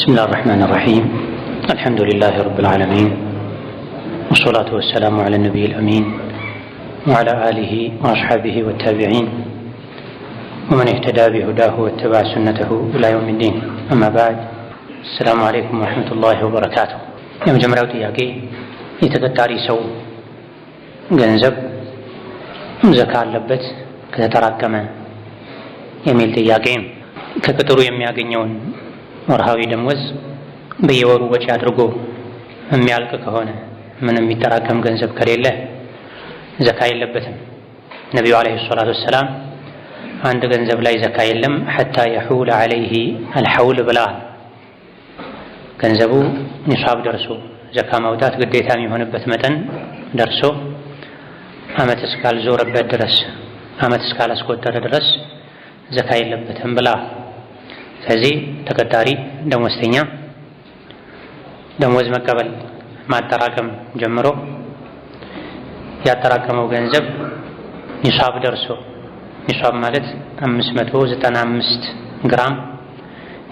بسم الله الرحمن الرحيم الحمد لله رب العالمين والصلاة والسلام على النبي الأمين وعلى آله وأصحابه والتابعين ومن اهتدى بهداه واتبع سنته إلى يوم الدين أما بعد السلام عليكم ورحمة الله وبركاته የመጀመሪያው ጥያቄ የተቀጣሪ ሰው ገንዘብ ዘካ አለበት ከተጠራቀመ የሚል ጥያቄ ነው። ከቅጥሩ የሚያገኘውን ወርሃዊ ደሞዝ በየወሩ ወጪ አድርጎ የሚያልቅ ከሆነ ምንም የሚጠራቀም ገንዘብ ከሌለ ዘካ የለበትም። ነቢዩ ዓለይሂ ሰላቱ ወሰላም አንድ ገንዘብ ላይ ዘካ የለም ሐታ የሑል ዓለይሂ አልሐውል ብለዋል። ገንዘቡ ኒሳብ ደርሶ ዘካ ማውጣት ግዴታ የሚሆንበት መጠን ደርሶ ዓመት እስካልዞረበት ድረስ ዓመት እስካላስቆጠረ ድረስ ዘካ የለበትም ብለዋል። ስለዚህ ተቀጣሪ ደሞዝተኛ ደሞዝ መቀበል ማጠራቀም ጀምሮ ያጠራቀመው ገንዘብ ኒሷብ ደርሶ ኒሷብ ማለት 595 ግራም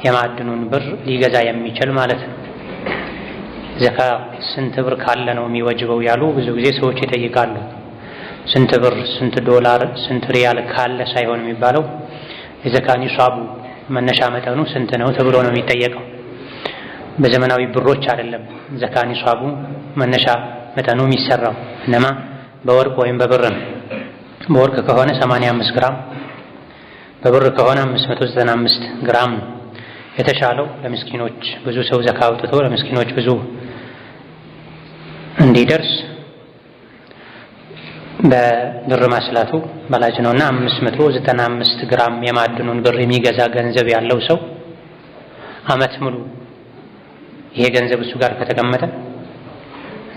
የማዕድኑን ብር ሊገዛ የሚችል ማለት ነው። ዘካ ስንት ብር ካለ ነው የሚወጅበው ያሉ ብዙ ጊዜ ሰዎች ይጠይቃሉ። ስንት ብር፣ ስንት ዶላር፣ ስንት ሪያል ካለ ሳይሆን የሚባለው የዘካ ኒሷቡ መነሻ መጠኑ ስንት ነው ተብሎ ነው የሚጠየቀው። በዘመናዊ ብሮች አይደለም ዘካ ኒሷቡ መነሻ መጠኑ የሚሰራው እነማ በወርቅ ወይም በብር ነው። በወርቅ ከሆነ 85 ግራም፣ በብር ከሆነ 595 ግራም ነው የተሻለው። ለምስኪኖች ብዙ ሰው ዘካ አውጥቶ ለምስኪኖች ብዙ እንዲደርስ በብር ማስላቱ በላጅ ነውና 595 ግራም የማዕድኑን ብር የሚገዛ ገንዘብ ያለው ሰው አመት ሙሉ ይሄ ገንዘብ እሱ ጋር ከተቀመጠ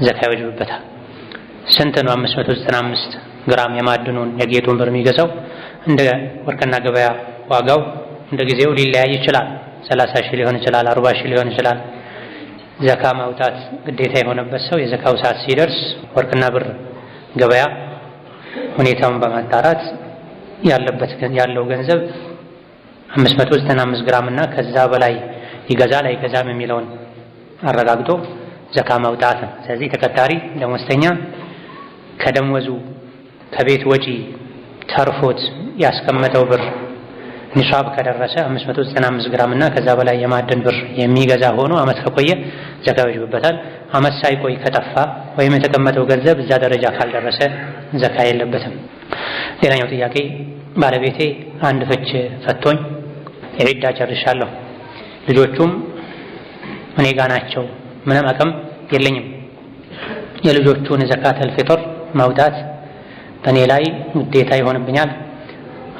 ዘካ ይወጅብበታል። ስንት ነው 595 ግራም የማዕድኑን የጌጡን ብር የሚገዛው? እንደ ወርቅና ገበያ ዋጋው እንደ ጊዜው ሊለያይ ይችላል። 30 ሺህ ሊሆን ይችላል፣ 40 ሺህ ሊሆን ይችላል። ዘካ ማውጣት ግዴታ የሆነበት ሰው የዘካው ሰዓት ሲደርስ ወርቅና ብር ገበያ ሁኔታውን በማጣራት ያለበት ያለው ገንዘብ 595 ግራም እና ከዛ በላይ ይገዛል አይገዛም የሚለውን አረጋግጦ ዘካ ማውጣት ነው። ስለዚህ ተቀጣሪ ደሞዝተኛ ከደሞዙ ከቤት ወጪ ተርፎት ያስቀመጠው ብር ኒሳብ ከደረሰ 595 ግራም እና ከዛ በላይ የማዕድን ብር የሚገዛ ሆኖ አመት ከቆየ ዘካ ይወጅብበታል። አመት ሳይቆይ ከጠፋ ወይም የተቀመጠው ገንዘብ እዛ ደረጃ ካልደረሰ ዘካ የለበትም። ሌላኛው ጥያቄ ባለቤቴ አንድ ፍች ፈቶኝ የዒዳ ጨርሻለሁ፣ ልጆቹም እኔ ጋ ናቸው፣ ምንም አቅም የለኝም። የልጆቹን ዘካተል ፊጥር ማውጣት በእኔ ላይ ግዴታ ይሆንብኛል?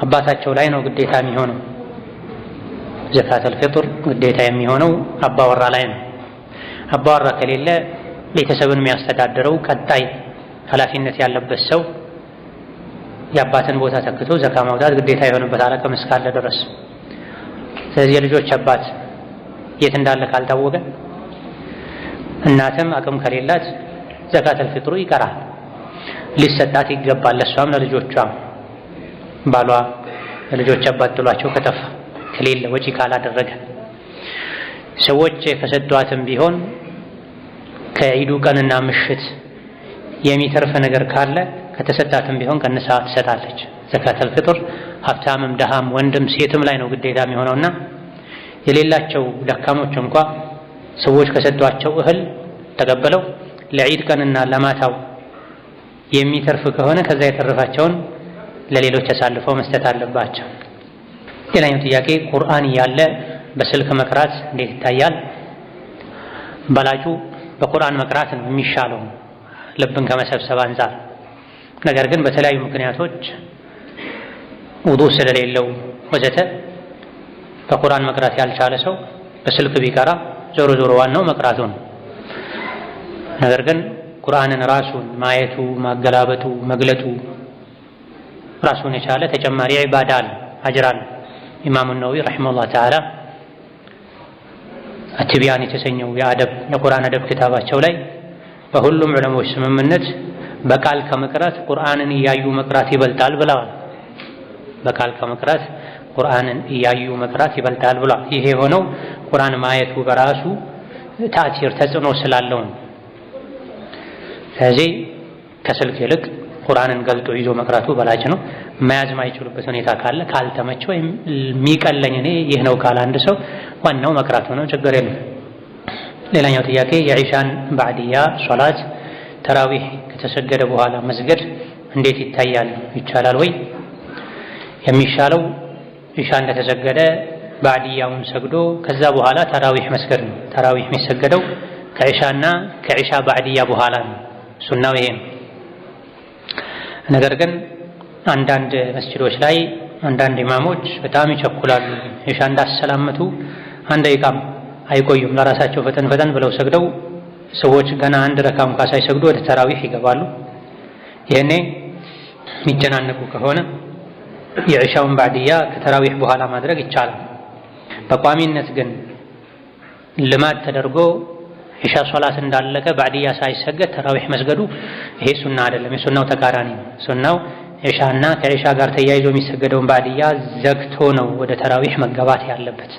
አባታቸው ላይ ነው ግዴታ የሚሆነው። ዘካተል ፊጥር ግዴታ የሚሆነው አባወራ ላይ ነው። አባወራ ከሌለ ቤተሰብን የሚያስተዳድረው ቀጣይ ኃላፊነት ያለበት ሰው የአባትን ቦታ ተክቶ ዘካ ማውጣት ግዴታ ይሆንበታል አቅም እስካለ ድረስ። ስለዚህ የልጆች አባት የት እንዳለ ካልታወቀ እናትም አቅም ከሌላት ዘካተል ፊጥሩ ይቀራል፣ ሊሰጣት ይገባል ለእሷም ለልጆቿም ባሏ ልጆች አባት ጥሏቸው ከጠፋ ከሌለ ወጪ ካላደረገ ሰዎች ከሰዷትም ቢሆን ከዒዱ ቀንና ምሽት የሚተርፍ ነገር ካለ ከተሰጣትም ቢሆን ቀንሳ ትሰጣለች። ዘካተል ፍጥር ሀብታምም ደሃም ወንድም ሴትም ላይ ነው ግዴታ የሚሆነውና የሌላቸው ደካሞች እንኳ ሰዎች ከሰጧቸው እህል ተቀበለው ለዒድ ቀንና ለማታው የሚተርፍ ከሆነ ከዛ የተረፋቸውን ለሌሎች አሳልፈው መስጠት አለባቸው። ሌላኛው ጥያቄ ቁርአን እያለ በስልክ መቅራት እንዴት ይታያል? በላጩ በቁርአን መቅራት ነው የሚሻለው ልብን ከመሰብሰብ አንጻር። ነገር ግን በተለያዩ ምክንያቶች ውዱ ስለሌለው ወዘተ በቁርአን መቅራት ያልቻለ ሰው በስልክ ቢቀራ ዞሮ ዞሮ ዋናው መቅራቱ ነው። ነገር ግን ቁርአንን ራሱን ማየቱ፣ ማገላበጡ፣ መግለጡ ራሱን የቻለ ተጨማሪ ዒባዳ አለ፣ አጅር አለ። ኢማሙ ነወዊ ረሒመሁላህ ተዓላ አትቢያን የተሰኘው የአደብ የቁርአን አደብ ክታባቸው ላይ በሁሉም ዑለሞች ስምምነት በቃል ከመቅራት ቁርአንን እያዩ መቅራት ይበልጣል ብለዋል። በቃል ከመቅራት ቁርአንን እያዩ መቅራት ይበልጣል ብሏል ይሄ የሆነው ቁርአን ማየቱ በራሱ ታእቲር ተጽዕኖ ስላለው ነው። ስለዚህ ከስልክ ይልቅ ቁርአንን ገልጦ ይዞ መቅራቱ በላጭ ነው። መያዝ ማይችሉበት ሁኔታ ካለ ካልተመቸ ወይም የሚቀለኝ እኔ ይህ ነው ካለ አንድ ሰው ዋናው መቅራቱ ነው፣ ችግር የለም። ሌላኛው ጥያቄ የኢሻን ባዕድያ ሶላት ተራዊህ ከተሰገደ በኋላ መስገድ እንዴት ይታያል? ይቻላል ወይ? የሚሻለው ኢሻ እንደተሰገደ ባዕድያውን ሰግዶ ከዛ በኋላ ተራዊህ መስገድ ነው። ተራዊህ የሚሰገደው ከኢሻና ከኢሻ ባዕድያ በኋላ ነው። ሱናው ይሄ ነው። ነገር ግን አንዳንድ መስጅዶች ላይ አንዳንድ ኢማሞች በጣም ይቸኩላሉ። ኢሻ እንዳሰላመቱ አንድ ደቂቃም አይቆዩም። ለራሳቸው ፈጠን ፈጠን ብለው ሰግደው ሰዎች ገና አንድ ረካም እንኳ ሳይሰግዱ ወደ ተራዊህ ይገባሉ። ይህኔ የሚጨናነቁ ከሆነ የኢሻውን ባዕድያ ከተራዊህ በኋላ ማድረግ ይቻላል። በቋሚነት ግን ልማድ ተደርጎ ኢሻ ሶላት እንዳለቀ ባዕድያ ሳይሰገድ ተራዊሕ መስገዱ ይሄ ሱና አይደለም። የሱናው ተቃራኒ ነው። ሱናው ኢሻና ከኢሻ ጋር ተያይዞ የሚሰገደውን ባዕድያ ዘግቶ ነው ወደ ተራዊሕ መገባት ያለበት።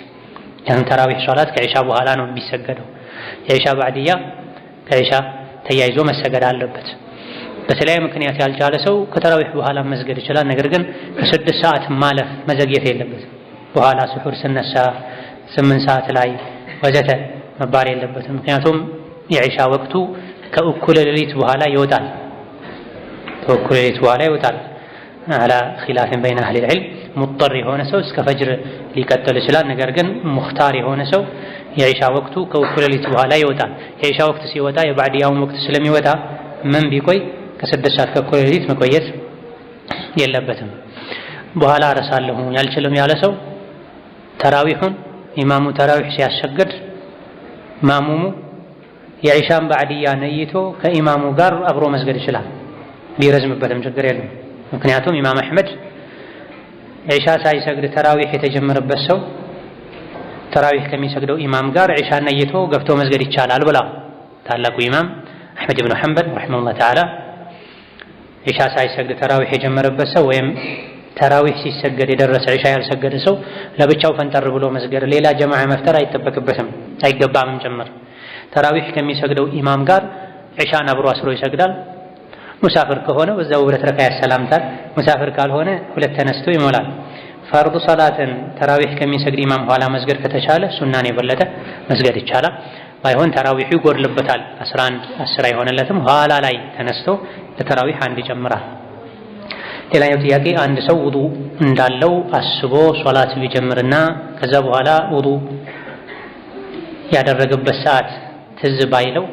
ያን ተራዊሕ ሶላት ከኢሻ በኋላ ነው የሚሰገደው። የኢሻ ባዕድያ ከኢሻ ተያይዞ መሰገድ አለበት። በተለያየ ምክንያት ያልቻለ ሰው ከተራዊሕ በኋላ መስገድ ይችላል። ነገር ግን ከስድስት ሰዓት ማለፍ መዘግየት የለበትም። በኋላ ስሑር ስነሳ ስምንት ሰዓት ላይ ወዘተ መባል የለበትም። ምክንያቱም የዒሻ ወቅቱ ከእኩለ ሌሊት በኋላ ይወጣል። ከእኩለ ሌሊት በኋላ ይወጣል። አላ ኺላፍን በይነ አህሊል ዒልም ሙጠር የሆነ ሰው እስከ ፈጅር ሊቀጥል ይችላል። ነገር ግን ሙኽታር የሆነ ሰው የዒሻ ወቅቱ ከእኩለ ሌሊት በኋላ ይወጣል። የዒሻ ወቅት ሲወጣ የባዕድያውን ወቅት ስለሚወጣ ምን ቢቆይ ከስድስት ሰዓት ከእኩለ ሌሊት መቆየት የለበትም። በኋላ አረሳለሁ ያልችልም ያለ ሰው ተራዊሑን ኢማሙ ተራዊሕ ሲያሰግድ ማሙሙ የኢሻን ባዕድያ ነይቶ ከኢማሙ ጋር አብሮ መስገድ ይችላል። ቢረዝምበትም ችግር የለም። ምክንያቱም ኢማም አሕመድ ዒሻ ሳይሰግድ ተራዊሕ የተጀመረበት ሰው ተራዊሕ ከሚሰግደው ኢማም ጋር ዒሻ ነይቶ ገብቶ መስገድ ይቻላል ብላ ታላቁ ኢማም አሕመድ ብኑ ሐንበል ረሒመሁላህ ተዓላ ዒሻ ሳይሰግድ ተራዊሕ የጀመረበት ሰው ወይም ተራዊህ ሲሰገድ የደረሰ ዒሻ ያልሰገደ ሰው ለብቻው ፈንጠር ብሎ መስገድ ሌላ ጀማዓ መፍጠር አይጠበቅበትም አይገባምም ጭምር። ተራዊህ ከሚሰግደው ኢማም ጋር ዒሻን አብሮ አስሮ ይሰግዳል። ሙሳፍር ከሆነ በዛው ሁለት ረካ ያሰላምታል። ሙሳፍር ካልሆነ ሁለት ተነስቶ ይሞላል። ፈርዱ ሰላትን ተራዊህ ከሚሰግድ ኢማም ኋላ መስገድ ከተቻለ ሱናን የበለጠ መስገድ ይቻላል። ባይሆን ተራዊሑ ይጎድልበታል። 11 10 አይሆንለትም። ኋላ ላይ ተነስቶ ለተራዊህ አንድ ይጨምራል። ሌላኛው ጥያቄ አንድ ሰው ውዱ እንዳለው አስቦ ሶላት ቢጀምርና ከዛ በኋላ ውዱ ያደረገበት ሰዓት ትዝ ባይለው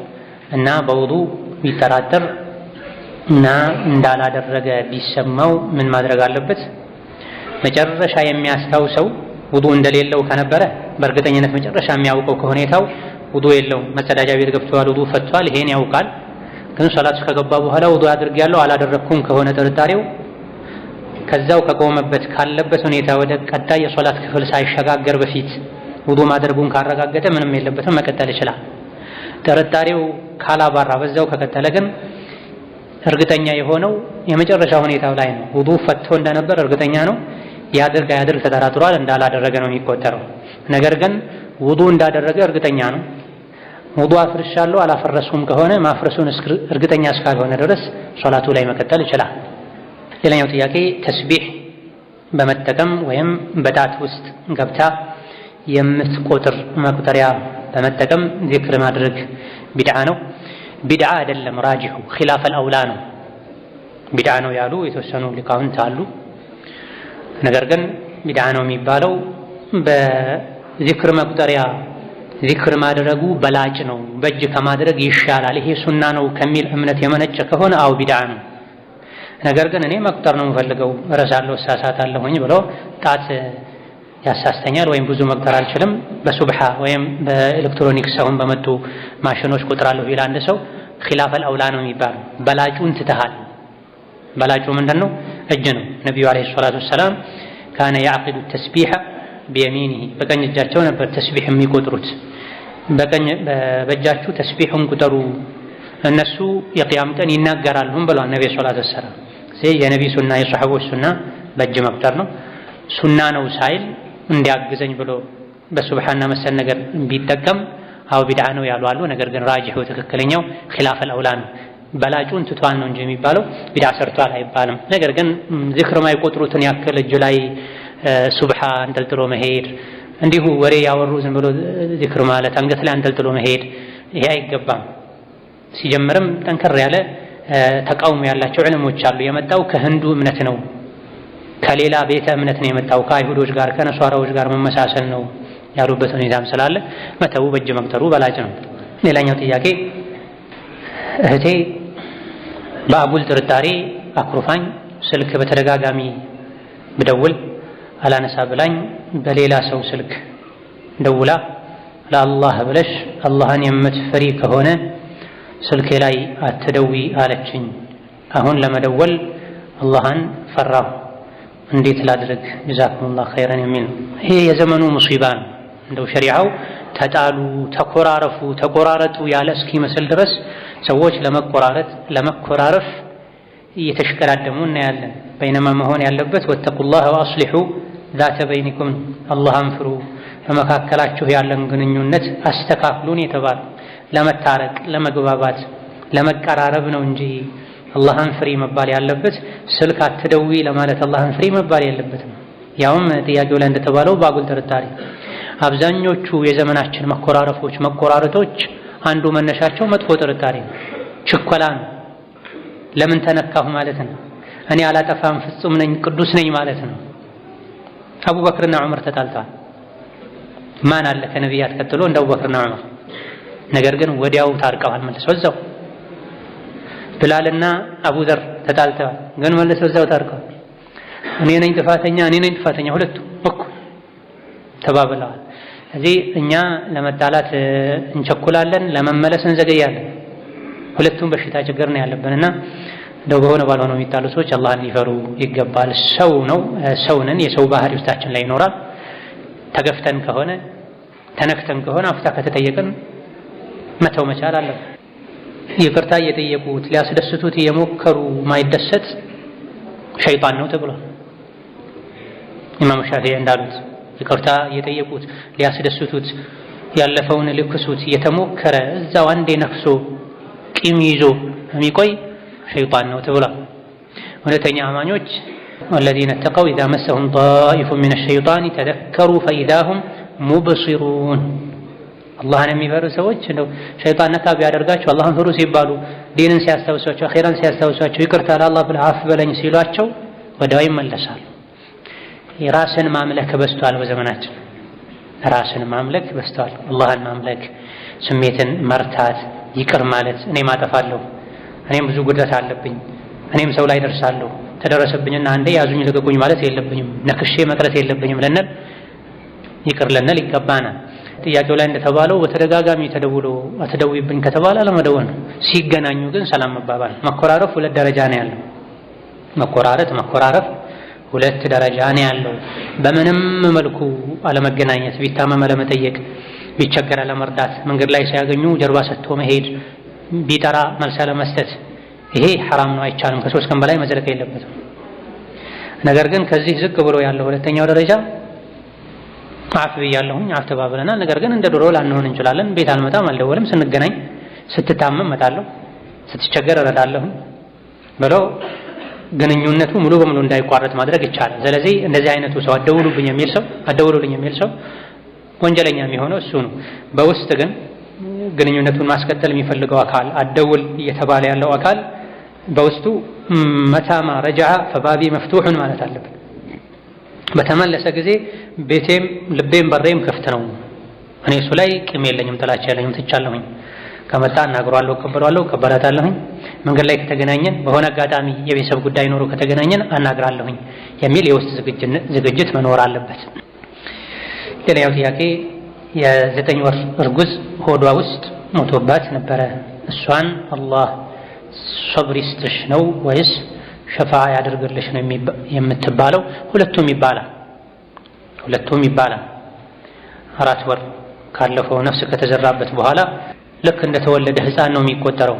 እና በውዱ ቢጠራጠር እና እንዳላደረገ ቢሰማው ምን ማድረግ አለበት? መጨረሻ የሚያስታውሰው ውዱ እንደሌለው ከነበረ በእርግጠኝነት መጨረሻ የሚያውቀው ከሁኔታው ውዱ የለው፣ መጸዳጃ ቤት ገብቷል፣ ውዱ ፈቷል፣ ይሄን ያውቃል። ግን ሶላት ከገባ በኋላ ውዱ አድርጌያለሁ አላደረኩም ከሆነ ጥርጣሬው ከዛው ከቆመበት ካለበት ሁኔታ ወደ ቀጣይ የሶላት ክፍል ሳይሸጋገር በፊት ውዱ ማድረጉን ካረጋገጠ ምንም የለበትም፣ መቀጠል ይችላል። ጥርጣሬው ካላባራ በዛው ከቀጠለ ግን እርግጠኛ የሆነው የመጨረሻ ሁኔታው ላይ ነው። ውዱ ፈቶ እንደነበር እርግጠኛ ነው። ያድርግ አያድርግ ተጠራጥሯል፣ እንዳላደረገ ነው የሚቆጠረው። ነገር ግን ውዱ እንዳደረገ እርግጠኛ ነው። ውዱ አፍርሻለሁ አላፈረስኩም ከሆነ ማፍረሱን እርግጠኛ እስካልሆነ ድረስ ሶላቱ ላይ መቀጠል ይችላል። ሌላኛው ጥያቄ ተስቢሕ በመጠቀም ወይም በጣት ውስጥ ገብታ የምትቆጥር መቁጠሪያ በመጠቀም ዚክር ማድረግ ቢድዓ ነው? ቢድዓ አይደለም፣ ራጅሑ ኺላፈል አውላ ነው። ቢድዓ ነው ያሉ የተወሰኑ ሊቃውንት አሉ። ነገር ግን ቢድዓ ነው የሚባለው በዚክር መቁጠሪያ ዚክር ማድረጉ በላጭ ነው፣ በእጅ ከማድረግ ይሻላል፣ ይሄ ሱና ነው ከሚል እምነት የመነጨ ከሆነ አው ቢድዓ ነው። ነገር ግን እኔ መቁጠር ነው የምፈልገው እረሳለሁ፣ እሳሳታለሁኝ ብሎ ጣት ያሳስተኛል ወይም ብዙ መቁጠር አልችልም በሱብሓ ወይም በኤሌክትሮኒክስ አሁን በመጡ ማሽኖች ቁጥራለሁ ይላል አንድ ሰው። ኺላፈል አውላ ነው የሚባለው። በላጩን ትተሃል። በላጩ ምንድን ነው? እጅ ነው። ነቢዩ ዓለይሂ ሰላቱ ወሰላም ካነ ያዕቂዱ ተስቢሐ ቢየሚኒሂ በቀኝ እጃቸው ነበር ተስቢሕ የሚቆጥሩት። በእጃችሁ ተስቢሑን ቁጠሩ እነሱ የቅያም ቀን ይናገራሉም ብሏል ነቢ ሰላቱ ወሰላም ይህ የነቢ ሱና የሰሐቦች ሱና በእጅ መቁጠር ነው። ሱና ነው ሳይል እንዲያግዘኝ ብሎ በሱብሓና መሰል ነገር ቢጠቀም አው ቢድዓ ነው ያሉ አሉ። ነገር ግን ራጅሑ ትክክለኛው ኺላፍ አውላ ነው። በላጩን ትቷል ነው እንጂ የሚባለው ቢድዓ ሰርቷል አይባልም። ነገር ግን ዚክር ማይቆጥሩትን ያክል እጁ ላይ ሱብሓ አንጠልጥሎ መሄድ፣ እንዲሁ ወሬ ያወሩ ዝም ብሎ ዚክር ማለት አንገት ላይ አንጠልጥሎ መሄድ ይሄ አይገባም። ሲጀምርም ጠንከር ያለ ተቃውሞ ያላቸው ዕልሞች አሉ። የመጣው ከህንዱ እምነት ነው፣ ከሌላ ቤተ እምነት ነው የመጣው፣ ከአይሁዶች ጋር ከነሷራዎች ጋር መመሳሰል ነው ያሉበት ሁኔታም ስላለ መተው በእጅ መቅጠሩ በላጭ ነው። ሌላኛው ጥያቄ እህቴ በአጉል ጥርጣሬ አኩርፋኝ ስልክ በተደጋጋሚ ብደውል አላነሳ ብላኝ በሌላ ሰው ስልክ ደውላ ለአላህ ብለሽ አላህን የምትፈሪ ከሆነ ስልኬ ላይ አትደዊ አለችኝ። አሁን ለመደወል አላህን ፈራሁ። እንዴት ላድርግ? ጀዛኩሙላህ ኸይረን የሚል ነው። ይሄ የዘመኑ ሙሲባ ነው። እንደው ሸሪዓው ተጣሉ፣ ተኮራረፉ፣ ተቆራረጡ ያለ እስኪመስል ድረስ ሰዎች ለመቆራረጥ ለመኮራረፍ እየተሽቀዳደሙ እናያለን። በይነማ መሆን ያለበት ወተቁላህ ወአስሊሑ ዛተ በይኒኩም፣ አላህን ፍሩ፣ በመካከላችሁ ያለን ግንኙነት አስተካክሉን የተባለ ለመታረቅ፣ ለመግባባት፣ ለመቀራረብ ነው እንጂ አላህን ፍሪ መባል ያለበት ስልክ አትደዊ ለማለት አላህን ፍሪ መባል የለበትም። ያውም ጥያቄው ላይ እንደተባለው በአጉል ጥርጣሬ አብዛኞቹ የዘመናችን መኮራረፎች፣ መቆራረጦች አንዱ መነሻቸው መጥፎ ጥርጣሬ ነው፣ ችኮላ ነው፣ ለምን ተነካሁ ማለት ነው፣ እኔ አላጠፋም ፍጹም ነኝ ቅዱስ ነኝ ማለት ነው። አቡበክርና ዑመር ተጣልተዋል። ማን አለ ከነቢያት ቀጥሎ እንደ አቡበክርና ዑመር? ነገር ግን ወዲያው ታርቀዋል። መልሰው እዛው ብላልና አቡዘር ተጣልተዋል፣ ግን መልሰው እዛው ታርቀዋል። እኔ ነኝ ጥፋተኛ፣ እኔ ነኝ ጥፋተኛ፣ ሁለቱ እኩል ተባብለዋል። እዚህ እኛ ለመጣላት እንቸኩላለን፣ ለመመለስ እንዘገያለን። ሁለቱም በሽታ ችግር ነው ያለብንና እንደው በሆነ ባልሆነው የሚጣሉ ሰዎች አላህን ሊፈሩ ይገባል። ሰው ነው ሰውንን የሰው ባህሪ ውስጣችን ላይ ይኖራል። ተገፍተን ከሆነ ተነክተን ከሆነ አፍታ ከተጠየቀን መተው መቻል አለ። ይቅርታ እየጠየቁት ሊያስደስቱት እየሞከሩ ማይደሰት ሸይጣን ነው ተብሏል። ኢማም ሻፊዒ እንዳሉት ይቅርታ እየጠየቁት ሊያስደስቱት ያለፈውን ልክሱት እየተሞከረ እዛው አንዴ ነፍሶ ቂም ይዞ የሚቆይ ሸይጣን ነው ተብሏል። እውነተኛ አማኞች ወለዚነ ተቀው ኢዛ መሰሁም ጣኢፉ ሚነ ሸይጣን ተደከሩ ፈኢዛ ሁም ሙብሲሩን አላህን የሚፈሩ ሰዎች እንደው ሸይጣን ነካ ቢያደርጋቸው አላህን ፍሩ ሲባሉ ዲንን ሲያስታውሷቸው አኼራን ሲያስታውሷቸው ይቅርታ ለአላህ ብለህ አፍ በለኝ ሲሏቸው ወዲያው ይመለሳሉ። የራስን ማምለክ በስቷል በዘመናችን ራስን ማምለክ በዝቷል። አላህን ማምለክ፣ ስሜትን መርታት፣ ይቅር ማለት እኔም አጠፋለሁ፣ እኔም ብዙ ጉድለት አለብኝ፣ እኔም ሰው ላይ ደርሳለሁ፣ ተደረሰብኝና አንዴ ያዙኝ ልቀቁኝ ማለት የለብኝም፣ ነክሼ መቅረት የለብኝም ልንል ይቅር ልንል ይገባናል። ጥያቄው ላይ እንደተባለው በተደጋጋሚ ተደውሎ አትደውይብኝ ከተባለ አለመደወል ነው። ሲገናኙ ግን ሰላም መባባል። መኮራረፍ ሁለት ደረጃ ነው ያለው። መኮራረት መኮራረፍ ሁለት ደረጃ ነው ያለው። በምንም መልኩ አለመገናኘት፣ ቢታመም አለመጠየቅ፣ ቢቸገር አለመርዳት፣ መንገድ ላይ ሲያገኙ ጀርባ ሰጥቶ መሄድ፣ ቢጠራ መልስ አለመስጠት፣ ይሄ ሐራም ነው፣ አይቻልም። ከሶስት ቀን በላይ መዝለቅ የለበትም። ነገር ግን ከዚህ ዝቅ ብሎ ያለው ሁለተኛው ደረጃ አፍ ብያለሁኝ፣ አፍ ተባብለናል። ነገር ግን እንደ ድሮ ላንሆን እንችላለን። ቤት አልመጣም፣ አልደወልም፣ ስንገናኝ፣ ስትታመም እመጣለሁ፣ ስትቸገር እረዳለሁኝ ብለው ግንኙነቱ ሙሉ በሙሉ እንዳይቋረጥ ማድረግ ይቻላል። ስለዚህ እንደዚህ አይነቱ ሰው አደውሉብኝ የሚል ሰው አደውሉልኝ የሚል ሰው ወንጀለኛ የሚሆነው እሱ ነው። በውስጥ ግን ግንኙነቱን ማስቀጠል የሚፈልገው አካል አደውል እየተባለ ያለው አካል በውስጡ መታማ ረጃ ፈባቢ መፍቱሑን ማለት አለብን። በተመለሰ ጊዜ ቤቴም ልቤም በሬም ክፍት ነው። እኔ እሱ ላይ ቂም የለኝም፣ ጥላቻ የለኝም። ትቻለሁኝ ከመጣ እናግሯለሁ፣ እቀበሏለሁ፣ እቀበላታለሁኝ። መንገድ ላይ ከተገናኘን በሆነ አጋጣሚ የቤተሰብ ጉዳይ ኖሮ ከተገናኘን አናግራለሁኝ የሚል የውስጥ ዝግጅት መኖር አለበት። ሌላኛው ጥያቄ የዘጠኝ ወር እርጉዝ ሆዷ ውስጥ ሞቶባት ነበረ። እሷን አላህ ሶብር ይስጥሽ ነው ወይስ ሸፋ ያደርግልሽ ነው የምትባለው? ሁለቱም ይባላል። ሁለቱም ይባላል። አራት ወር ካለፈው ነፍስ ከተዘራበት በኋላ ልክ እንደተወለደ ህፃን ነው የሚቆጠረው።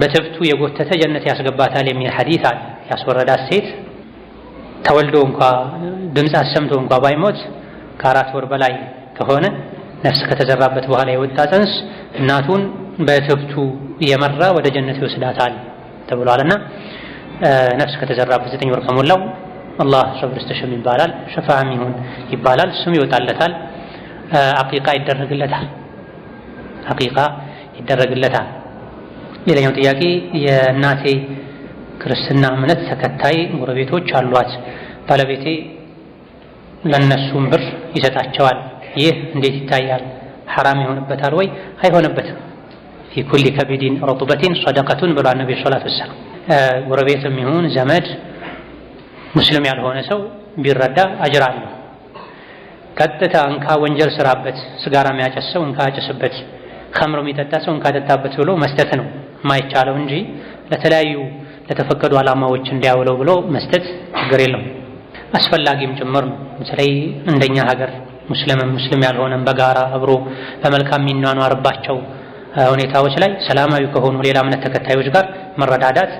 በትብቱ የጎተተ ጀነት ያስገባታል የሚል ሐዲስ አለ። ያስወረዳት ሴት ተወልዶ እንኳ ድምፅ አሰምቶ እንኳ ባይሞት ከአራት ወር በላይ ከሆነ ነፍስ ከተዘራበት በኋላ የወጣ ፅንስ እናቱን በትብቱ የመራ ወደ ጀነት ይወስዳታል ተብሏልና ነፍስ ከተዘራበት ዘጠኝ ወር ከሞላው አላህ ሶብር ስተሽም ይባላል፣ ሸፋም ይሁን ይባላል፣ ስም ይወጣለታል፣ አቂቃ ይደረግለታል። አቂቃ ይደረግለታል። ሌላኛው ጥያቄ የእናቴ ክርስትና እምነት ተከታይ ጎረቤቶች አሏት። ባለቤቴ ለነሱም ብር ይሰጣቸዋል። ይህ እንዴት ይታያል? ሐራም ይሆንበታል ወይ አይሆንበትም? ፊ ኩሊ ከቢዲን ረጡበቲን ሰደቀቱን ብሏል ነቢ ሰላት ወሰላም። ጎረቤትም ይሁን ዘመድ ሙስሊም ያልሆነ ሰው ቢረዳ አጅር አለው። ቀጥታ እንካ ወንጀል ስራበት፣ ስጋራ የሚያጨስ ሰው እንካ አጨስበት፣ ከምሮ የሚጠጣ ሰው እንካ ጠጣበት ብሎ መስጠት ነው የማይቻለው እንጂ ለተለያዩ ለተፈቀዱ ዓላማዎች እንዲያውለው ብሎ መስጠት ችግር የለውም አስፈላጊም ጭምር ነው። በተለይ እንደኛ ሀገር ሙስሊምም ሙስሊም ያልሆነም በጋራ አብሮ በመልካም የሚኗኗርባቸው ሁኔታዎች ላይ ሰላማዊ ከሆኑ ሌላ እምነት ተከታዮች ጋር መረዳዳት፣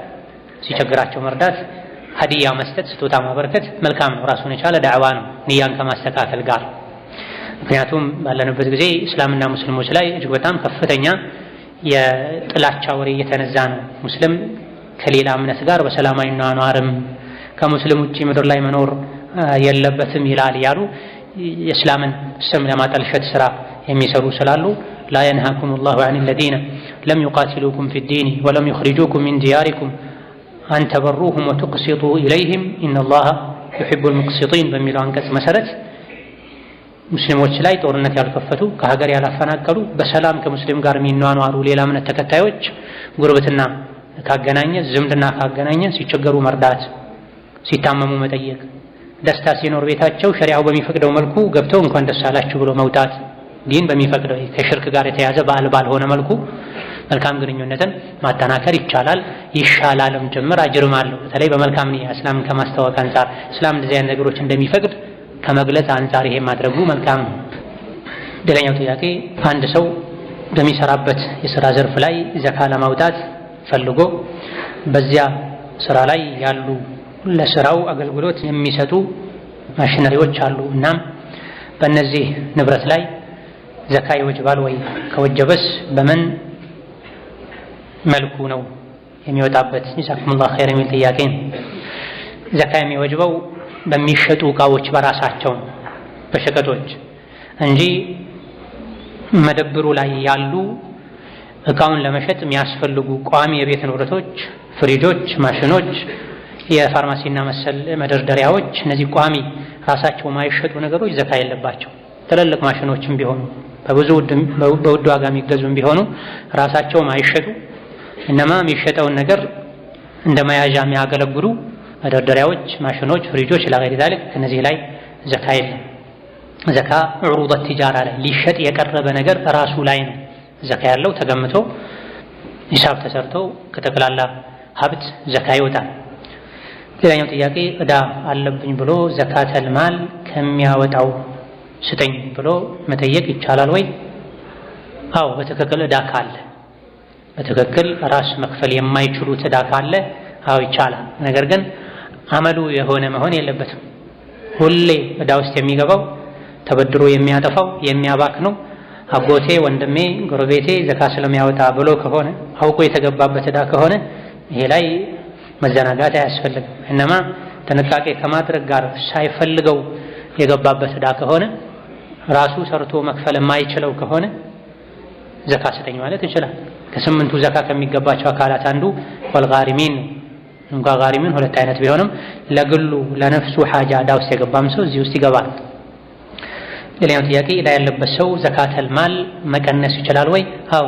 ሲቸግራቸው መርዳት ሀዲያ መስጠት፣ ስጦታ ማበረከት መልካም ነው። ራሱን የቻለ ዳዕዋ ነው ንያን ከማስተካከል ጋር። ምክንያቱም ባለንበት ጊዜ እስላምና ሙስሊሞች ላይ እጅግ በጣም ከፍተኛ የጥላቻ ወሬ እየተነዛ ነው። ሙስሊም ከሌላ እምነት ጋር በሰላማዊ ኗኗርም ከሙስሊም ውጭ ምድር ላይ መኖር የለበትም ይላል እያሉ የእስላምን ስም ለማጠልሸት ስራ የሚሰሩ ስላሉ ላ የንሃኩም ላሁ አን ለዚነ ለም ዩቃትሉኩም ፊ ዲኒ ወለም ዩኽሪጁኩም ሚን ዲያሪኩም አንተ በሩሁም ወትቅሲጡ ኢለይህም ኢነላሃ ዩሒቡል ሙቅሲጢን በሚለው አንቀጽ መሰረት ሙስሊሞች ላይ ጦርነት ያልከፈቱ ከሀገር ያላፈናቀሉ በሰላም ከሙስሊም ጋር የሚኗኗሩ ሌላ እምነት ተከታዮች ጉርብትና ካገናኘ ዝምድና ካገናኘ ሲቸገሩ መርዳት፣ ሲታመሙ መጠየቅ፣ ደስታ ሲኖር ቤታቸው ሸሪያው በሚፈቅደው መልኩ ገብተው እንኳን ደስ አላችሁ ብሎ መውጣት ዲን በሚፈቅደው ከሽርክ ጋር የተያዘ በዓል ባልሆነ መልኩ መልካም ግንኙነትን ማጠናከር ይቻላል፣ ይሻላልም ጭምር አጅርም አለው። በተለይ በመልካም ንያ እስላምን ከማስተዋወቅ አንጻር እስላም እንደዚህ አይነት ነገሮች እንደሚፈቅድ ከመግለጽ አንጻር ይሄ ማድረጉ መልካም ነው። ሌላኛው ጥያቄ አንድ ሰው በሚሰራበት የሥራ ዘርፍ ላይ ዘካ ለማውጣት ፈልጎ በዚያ ስራ ላይ ያሉ ለስራው አገልግሎት የሚሰጡ ማሽነሪዎች አሉ። እናም በእነዚህ ንብረት ላይ ዘካ ይወጅባል ወይ? ከወጀበስ በምን መልኩ ነው የሚወጣበት። ጀዛኩሙላህ ኸይር የሚል ጥያቄ ነው። ዘካ የሚወጅበው በሚሸጡ እቃዎች በራሳቸው በሸቀጦች እንጂ መደብሩ ላይ ያሉ እቃውን ለመሸጥ የሚያስፈልጉ ቋሚ የቤት ንብረቶች፣ ፍሪጆች፣ ማሽኖች፣ የፋርማሲና መሰል መደርደሪያዎች፣ እነዚህ ቋሚ ራሳቸው ማይሸጡ ነገሮች ዘካ የለባቸው። ትልልቅ ማሽኖችም ቢሆኑ በብዙ በውድ ዋጋ የሚገዙም ቢሆኑ ራሳቸው ማይሸጡ እነማ የሚሸጠውን ነገር እንደ መያዣ የሚያገለግሉ መደርደሪያዎች፣ ማሽኖች፣ ፍሪጆች ለገሪ ዛሊክ ከነዚህ ላይ ዘካ የለም። ዘካ ዕሩደ ቲጃራ ላይ ሊሸጥ የቀረበ ነገር ራሱ ላይ ነው ዘካ ያለው ተገምቶ ሂሳብ ተሰርቶ ከጠቅላላ ሀብት ዘካ ይወጣል። ሌላኛው ጥያቄ እዳ አለብኝ ብሎ ዘካተል ማል ከሚያወጣው ስጠኝ ብሎ መጠየቅ ይቻላል ወይ? አዎ በትክክል እዳ ካለ በትክክል ራስ መክፈል የማይችሉት ዕዳ ካለ አው ይቻላል። ነገር ግን አመሉ የሆነ መሆን የለበትም። ሁሌ ዕዳ ውስጥ የሚገባው ተበድሮ የሚያጠፋው የሚያባክ ነው አጎቴ፣ ወንድሜ፣ ጎረቤቴ ዘካ ስለሚያወጣ ብሎ ከሆነ አውቆ የተገባበት ዕዳ ከሆነ ይሄ ላይ መዘናጋት አያስፈልግም። እነማ ጥንቃቄ ከማድረግ ጋር ሳይፈልገው የገባበት ዕዳ ከሆነ ራሱ ሰርቶ መክፈል የማይችለው ከሆነ ዘካ ስጠኝ ማለት እንችላል። ከስምንቱ ዘካ ከሚገባቸው አካላት አንዱ ወልጋሪሚን እንኳ ጋሪሚን ሁለት አይነት ቢሆንም ለግሉ ለነፍሱ ሓጃ ዕዳ ውስጥ የገባም ሰው እዚህ ውስጥ ይገባል። ሌላኛው ጥያቄ ዕዳ ያለበት ሰው ዘካተል ማል መቀነስ ይችላል ወይ? አዎ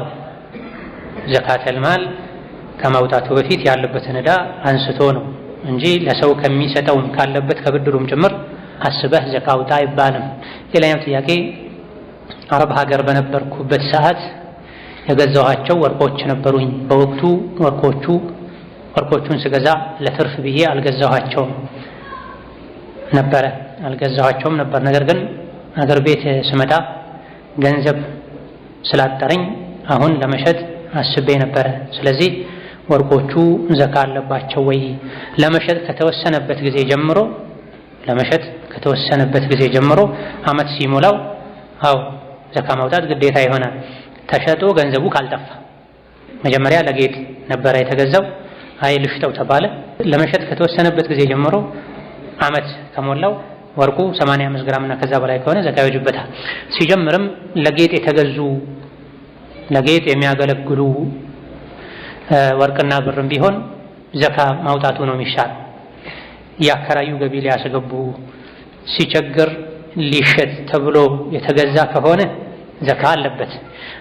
ዘካተል ማል ከማውጣቱ በፊት ያለበትን ዕዳ አንስቶ ነው እንጂ ለሰው ከሚሰጠውም ካለበት ከብድሩም ጭምር አስበህ ዘካ ውጣ አይባልም። ሌላኛው ጥያቄ አረብ ሀገር በነበርኩበት ሰዓት የገዛኋቸው ወርቆች ነበሩኝ። በወቅቱ ወርቆቹ ወርቆቹን ስገዛ ለትርፍ ብዬ አልገዛኋቸውም ነበረ አልገዛኋቸውም ነበር። ነገር ግን አገር ቤት ስመጣ ገንዘብ ስላጠረኝ አሁን ለመሸጥ አስቤ ነበረ። ስለዚህ ወርቆቹ ዘካ አለባቸው ወይ? ለመሸጥ ከተወሰነበት ጊዜ ጀምሮ ለመሸጥ ከተወሰነበት ጊዜ ጀምሮ አመት ሲሞላው አው ዘካ ማውጣት ግዴታ ይሆናል። ተሸጦ ገንዘቡ ካልጠፋ መጀመሪያ ለጌጥ ነበረ የተገዛው። አይ ልሽጠው ተባለ። ለመሸጥ ከተወሰነበት ጊዜ ጀምሮ አመት ከሞላው ወርቁ 85 ግራም እና ከዛ በላይ ከሆነ ዘካ ይወጅበታል። ሲጀምርም ለጌጥ የተገዙ ለጌጥ የሚያገለግሉ ወርቅና ብርም ቢሆን ዘካ ማውጣቱ ነው የሚሻል። ያከራዩ ገቢ ሊያስገቡ ሲቸግር ሊሸጥ ተብሎ የተገዛ ከሆነ ዘካ አለበት።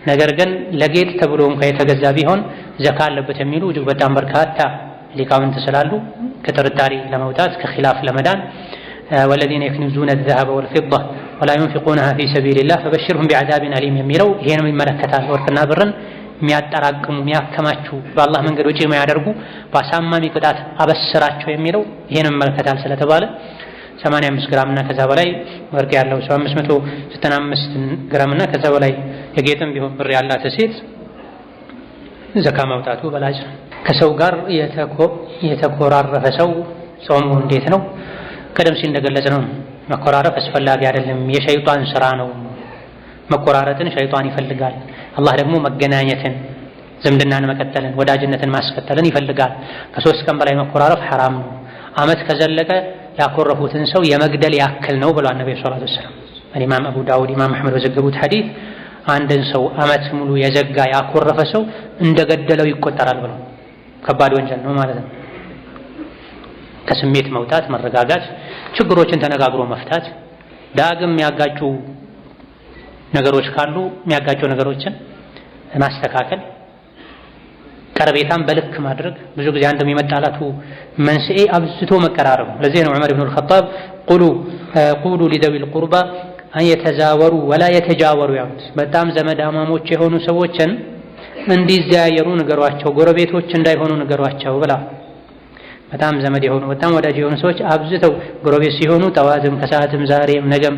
ነገር ግን ለጌጥ ተብሎ እንኳ የተገዛ ቢሆን ዘካ አለበት የሚሉ እጅግ በጣም በርካታ ሊቃውንት ስላሉ ከጥርጣሬ ለመውጣት ከኺላፍ ለመዳን ወለዚነ የክኒዙነ ዘሀበ ወልፊዳ ወላ ዩንፊቁነሃ ፊ ሰቢልላህ ፈበሽርሁም ቢዓዛብን አሊም የሚለው ይሄንም ይመለከታል። ወርቅና ብርን የሚያጠራቅሙ የሚያከማችሁ፣ በአላህ መንገድ ወጪ የሚያደርጉ በአሳማሚ ቅጣት አበስራቸው የሚለው ይሄንም ይመለከታል ስለተባለ 85 ግራም እና ከዛ በላይ ወርቅ ያለው ሰው 595 ግራም እና ከዛ በላይ የጌጥም ቢሆን ብር ያላት ሴት ዘካ ማውጣቱ በላጭ ነው። ከሰው ጋር የተኮራረፈ ሰው ጾሙ እንዴት ነው? ቀደም ሲል እንደገለጽ ነው መኮራረፍ አስፈላጊ አይደለም፣ የሸይጣን ስራ ነው። መቆራረጥን ሸይጣን ይፈልጋል። አላህ ደግሞ መገናኘትን፣ ዝምድናን መቀጠልን፣ ወዳጅነትን ማስቀጠልን ይፈልጋል። ከሶስት ቀን በላይ መኮራረፍ ሐራም ነው። አመት ከዘለቀ ያኮረፉትን ሰው የመግደል ያክል ነው ብሏል ነቢ ሰላቱ ወሰላም። ኢማም አቡ ዳውድ ኢማም አሕመድ በዘገቡት ሐዲስ አንድን ሰው አመት ሙሉ የዘጋ ያኮረፈ ሰው እንደገደለው ይቆጠራል ብለው ከባድ ወንጀል ነው ማለት ነው። ከስሜት መውጣት፣ መረጋጋት፣ ችግሮችን ተነጋግሮ መፍታት፣ ዳግም የሚያጋጩ ነገሮች ካሉ የሚያጋጩ ነገሮችን ማስተካከል ቀረቤታን በልክ ማድረግ ብዙ ጊዜ አንድም የመጣላቱ መንስኤ አብዝቶ መቀራረብ። ለዚህ ነው ዑመር ኢብኑል ኸጣብ ቁሉ ቁሉ ሊዘዊል ቁርባ የተዛወሩ ወላ የተጃወሩ ያሉት። በጣም ዘመዳማሞች የሆኑ ሰዎችን እንዲዘያየሩ ንገሯቸው፣ ጎረቤቶች እንዳይሆኑ ንገሯቸው ብላል። በጣም ዘመድ የሆኑ በጣም ወዳጅ የሆኑ ሰዎች አብዝተው ጎረቤት ሲሆኑ ጠዋትም ከሰዓትም ዛሬም ነገም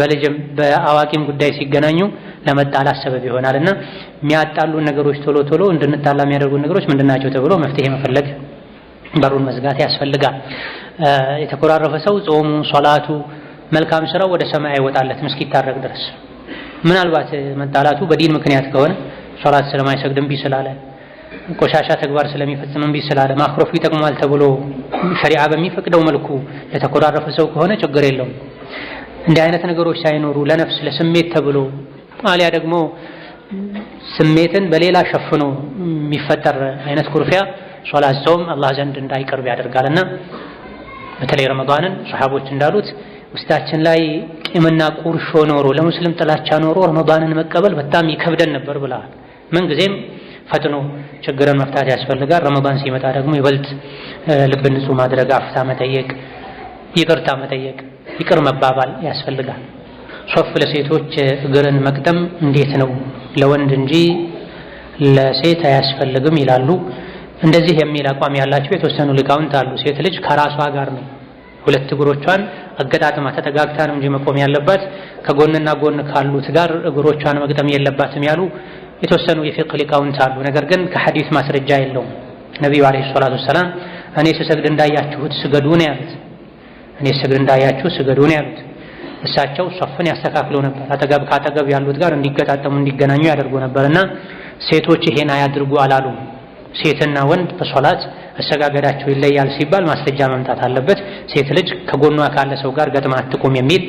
በልጅም በአዋቂም ጉዳይ ሲገናኙ ለመጣላት ሰበብ እና የሚያጣሉን ነገሮች ቶሎ ቶሎ እንድንጣላ የሚያደርጉን ነገሮች ምንድናቸው ተብሎ መፍትሄ መፈለግ በሩን መዝጋት ያስፈልጋል። የተኮራረፈ ሰው ጾሙ፣ ሶላቱ፣ መልካም ስራው ወደ ሰማይ አይወጣለትም እስኪታረቅ ድረስ። ምናልባት መጣላቱ በዲን ምክንያት ከሆነ ሶላት ስለማይሰግድ እምቢ ስላለ ቆሻሻ ተግባር ስለሚፈጽም እምቢ ስላለ ማክሮፍ ይጠቅሟል ተብሎ ሸሪዓ በሚፈቅደው መልኩ ለተኮራረፈ ሰው ከሆነ ችግር የለውም። እንዲህ አይነት ነገሮች ሳይኖሩ ለነፍስ ለስሜት ተብሎ አሊያ ደግሞ ስሜትን በሌላ ሸፍኖ የሚፈጠር አይነት ኩርፊያ ሶላት ሰውም አላህ ዘንድ እንዳይቀርብ ያደርጋልና በተለይ ረመዳንን ሰሓቦች እንዳሉት ውስጣችን ላይ ቂምና ቁርሾ ኖሮ ለሙስሊም ጥላቻ ኖሮ ረመዳንን መቀበል በጣም ይከብደን ነበር ብለዋል። ምን ጊዜም ፈጥኖ ችግርን መፍታት ያስፈልጋል። ረመዳን ሲመጣ ደግሞ ይበልጥ ልብ ንጹህ ማድረግ፣ አፍታ መጠየቅ፣ ይቅርታ መጠየቅ፣ ይቅር መባባል ያስፈልጋል። ሶፍ ለሴቶች እግርን መቅጠም እንዴት ነው? ለወንድ እንጂ ለሴት አያስፈልግም ይላሉ። እንደዚህ የሚል አቋም ያላቸው የተወሰኑ ሊቃውንት አሉ። ሴት ልጅ ከራሷ ጋር ነው ሁለት እግሮቿን አገጣጥማ ተጠጋግታ ነው እንጂ መቆም ያለባት ከጎንና ጎን ካሉት ጋር እግሮቿን መቅጠም የለባትም ያሉ የተወሰኑ የፊቅህ ሊቃውንት አሉ። ነገር ግን ከሐዲስ ማስረጃ የለውም። ነቢዩ ዓለይሂ ሰላቱ ወሰላም እኔ ስሰግድ እንዳያችሁት ስገዱ ነው ያሉት። እኔ ስሰግድ እንዳያችሁ ስገዱ ነው ያሉት። እሳቸው ሶፍን ያስተካክለው ነበር። አጠገብ ከአጠገብ ያሉት ጋር እንዲገጣጠሙ እንዲገናኙ ያደርጉ ነበርና ሴቶች ይሄን አያድርጉ አላሉም። ሴትና ወንድ በሶላት አሰጋገዳቸው ይለያል ሲባል ማስረጃ መምጣት አለበት። ሴት ልጅ ከጎኗ ካለ ሰው ጋር ገጥማ አትቁም የሚል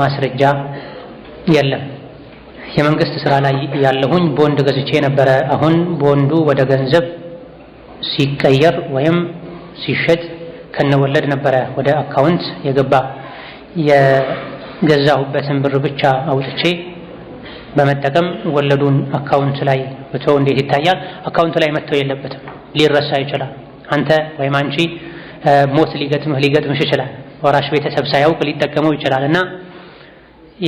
ማስረጃ የለም። የመንግስት ስራ ላይ ያለሁኝ ቦንድ ገዝቼ ነበረ። አሁን ቦንዱ ወደ ገንዘብ ሲቀየር ወይም ሲሸጥ ከነወለድ ነበረ ወደ አካውንት የገባ። የገዛሁበትን ብር ብቻ አውጥቼ በመጠቀም ወለዱን አካውንት ላይ ብቶ እንዴት ይታያል? አካውንት ላይ መተው የለበትም። ሊረሳ ይችላል። አንተ ወይም አንቺ ሞት ሊገጥምህ ሊገጥምሽ ይችላል። ወራሽ ቤተሰብ ሳያውቅ ሊጠቀመው ይችላል እና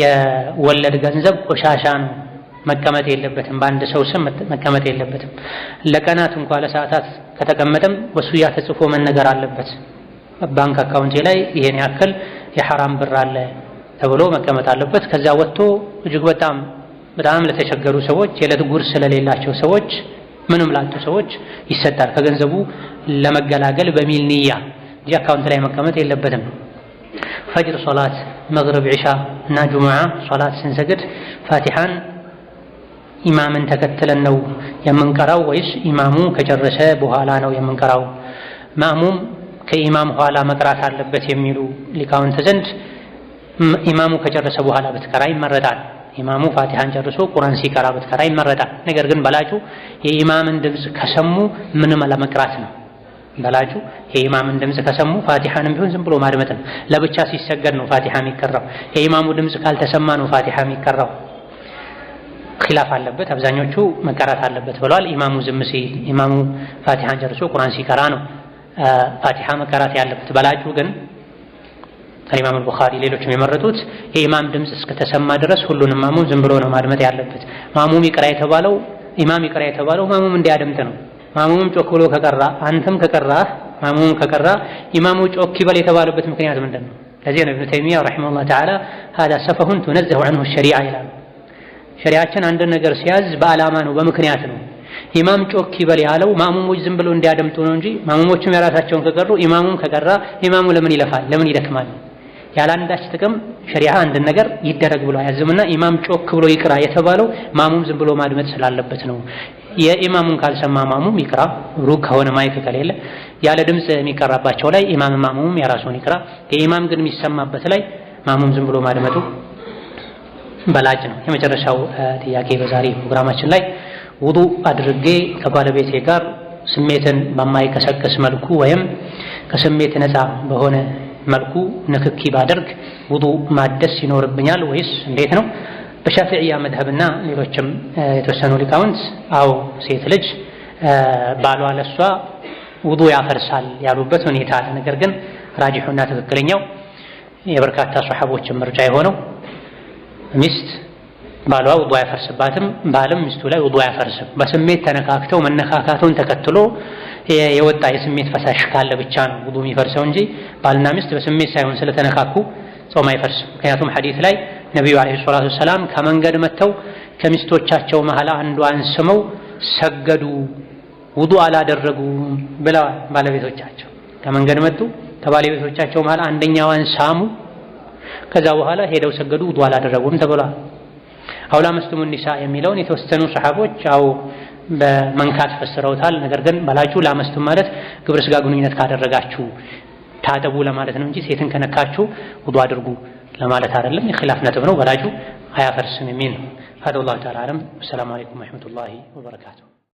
የወለድ ገንዘብ ቆሻሻ ነው፣ መቀመጥ የለበትም በአንድ ሰው ስም መቀመጥ የለበትም። ለቀናት እንኳ ለሰዓታት ከተቀመጠም ወሱያ ተጽፎ መነገር አለበት። ባንክ አካውንቴ ላይ ይሄን ያክል የሐራም ብር አለ ተብሎ መቀመጥ አለበት። ከዛ ወጥቶ እጅግ በጣም በጣም ለተቸገሩ ሰዎች የዕለት ጉርስ ስለሌላቸው ሰዎች ምንም ላጡ ሰዎች ይሰጣል። ከገንዘቡ ለመገላገል በሚል ንያ እንጂ አካውንት ላይ መቀመጥ የለበትም። ፈጅር ሶላት፣ መግሪብ፣ ዒሻ እና ጁሙዓ ሶላት ስንሰግድ ፋቲሓን ኢማምን ተከትለን ነው የምንቀራው ወይስ ኢማሙ ከጨረሰ በኋላ ነው የምንቀራው? ማእሙም ከኢማም ኋላ መቅራት አለበት የሚሉ ሊቃውንት ዘንድ ኢማሙ ከጨረሰ በኋላ ብትቀራ ይመረጣል። ኢማሙ ፋቲሃን ጨርሶ ቁርአን ሲቀራ ብትቀራ ይመረጣል። ነገር ግን በላጩ የኢማምን ድምፅ ከሰሙ ምንም አለመቅራት ነው። በላጩ የኢማምን ድምፅ ከሰሙ ፋቲሐንም ቢሆን ዝም ብሎ ማድመጥ ነው። ለብቻ ሲሰገድ ነው ፋቲሐ የሚቀራው። የኢማሙ ድምፅ ካልተሰማ ነው ፋቲሐ የሚቀራው። ኪላፍ አለበት። አብዛኞቹ መቀራት አለበት ብለዋል። ኢማሙ ዝም ሲ ኢማሙ ፋቲሐን ጨርሶ ቁርአን ሲቀራ ነው ፋቲሐ መቀራት ያለበት። በላጩ ግን ኢማም አልቡኻሪ ሌሎችም የመረጡት የኢማም ድምፅ እስከተሰማ ድረስ ሁሉንም ማሙም ዝም ብሎ ነው ማድመጥ ያለበት። ማሙም ይቅራ የተባለው ኢማም ይቅራ የተባለው ማሙም እንዲያደምጥ ነው። ማሙም ጮክ ብሎ ከቀራ አንተም ከቀራ ማሙም ከቀራ ኢማሙ ጮክ ይበል የተባለበት ምክንያት ምንድን ነው? ለዚህ ነው ኢብኑ ተይሚያ ረሒመሁላህ ተዓላ ሀዛ ሰፈሁን ቱነዘሁ ዐንሁ ሸሪዓ ይላሉ። ሸሪዓችን አንድ ነገር ሲያዝ በዓላማ ነው፣ በምክንያት ነው። ኢማም ጮክ ይበል ያለው ማሙሞች ዝም ብሎ እንዲያደምጡ ነው እንጂ ማሙሞችም የራሳቸውን ከቀሩ ኢማሙም ከቀራ ኢማሙ ለምን ይለፋል? ለምን ይደክማል? ያላንዳች ጥቅም ሸሪዓ አንድን ነገር ይደረግ ብሎ አያዝምና ኢማም ጮክ ብሎ ይቅራ የተባለው ማሙም ዝም ብሎ ማድመጥ ስላለበት ነው። የኢማሙን ካልሰማ ማሙም ይቅራ። ሩቅ ከሆነ ማይክ ከሌለ ያለ ድምፅ የሚቀራባቸው ላይ ኢማም ማሙም የራሱን ይቅራ። የኢማም ግን የሚሰማበት ላይ ማሙም ዝም ብሎ ማድመጡ በላጭ ነው። የመጨረሻው ጥያቄ በዛሬ ፕሮግራማችን ላይ ውጡ አድርጌ ከባለቤቴ ጋር ስሜትን በማይቀሰቅስ መልኩ ወይም ከስሜት ነፃ በሆነ መልኩ ንክኪ ባደርግ ውጡ ማደስ ይኖርብኛል ወይስ እንዴት ነው? በሻፊዕያ መድሀብና ሌሎችም የተወሰኑ ሊቃውንት አው ሴት ልጅ ባሏ ለሷ ውዱ ያፈርሳል ያሉበት ሁኔታ አለ። ነገር ግን ራጅሑና ትክክለኛው የበርካታ ሰሓቦችን ምርጫ የሆነው ሚስት ባሏ ውዱ አያፈርስባትም፣ ባልም ሚስቱ ላይ ውዱ አያፈርስም። በስሜት ተነካክተው መነካካቱን ተከትሎ የወጣ የስሜት ፈሳሽ ካለ ብቻ ነው ውዱ የሚፈርሰው እንጂ ባልና ሚስት በስሜት ሳይሆን ስለተነካኩ ጾም አይፈርስም። ምክንያቱም ሐዲት ላይ ነቢዩ ዓለይሂ ሰላቱ ወሰላም ከመንገድ መጥተው ከሚስቶቻቸው መሃል አንዷን ስመው ሰገዱ፣ ውዱ አላደረጉም ብለዋል። ባለቤቶቻቸው ከመንገድ መጡ፣ ከባለቤቶቻቸው መሃል አንደኛዋን ሳሙ፣ ከዛ በኋላ ሄደው ሰገዱ፣ ውዱ አላደረጉም ተብሏል። አውላ መስቱሙ ኒሳ የሚለውን የተወሰኑ ሰሓቦች አው በመንካት ፈስረውታል። ነገር ግን ባላችሁ ላመስቱም ማለት ግብረ ስጋ ግንኙነት ካደረጋችሁ ታጠቡ ለማለት ነው እንጂ ሴትን ከነካችሁ ውዱ አድርጉ ለማለት አይደለም። የኺላፍ ነጥብ ነው፣ ወላጁ አያፈርስም የሚል ነው። ሀደ ላሁ ተዓላ አለም። አሰላሙ አለይኩም ወረሕመቱላሂ ወበረካቱ።